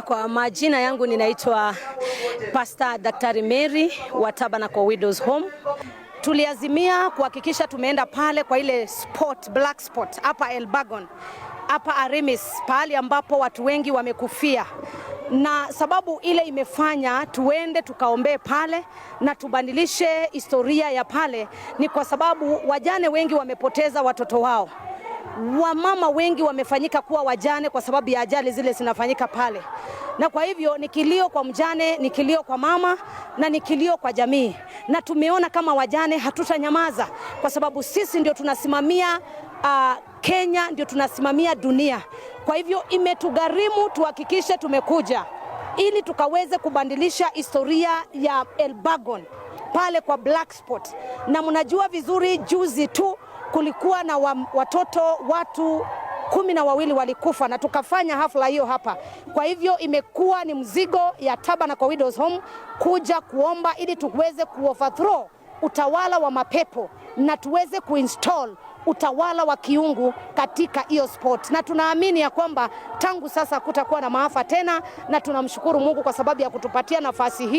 Kwa majina yangu ninaitwa Pastor Daktari Mary wa Tabernacle Widows Home. Tuliazimia kuhakikisha tumeenda pale kwa ile spot, black spot hapa Elbagon hapa Arimis, pahali ambapo watu wengi wamekufia, na sababu ile imefanya tuende tukaombee pale na tubadilishe historia ya pale, ni kwa sababu wajane wengi wamepoteza watoto wao wamama wengi wamefanyika kuwa wajane kwa sababu ya ajali zile zinafanyika pale, na kwa hivyo ni kilio kwa mjane, ni kilio kwa mama na ni kilio kwa jamii, na tumeona kama wajane hatutanyamaza kwa sababu sisi ndio tunasimamia uh, Kenya ndio tunasimamia dunia. Kwa hivyo imetugharimu tuhakikishe tumekuja ili tukaweze kubadilisha historia ya Elbagon pale kwa Black Spot, na mnajua vizuri juzi tu kulikuwa na wa, watoto watu kumi na wawili walikufa na tukafanya hafla hiyo hapa. Kwa hivyo imekuwa ni mzigo ya kwa Widows Home kuja kuomba ili tuweze kuoverthrow utawala wa mapepo na tuweze kuinstall utawala wa kiungu katika hiyo sport, na tunaamini ya kwamba tangu sasa kutakuwa na maafa tena, na tunamshukuru Mungu kwa sababu ya kutupatia nafasi hii.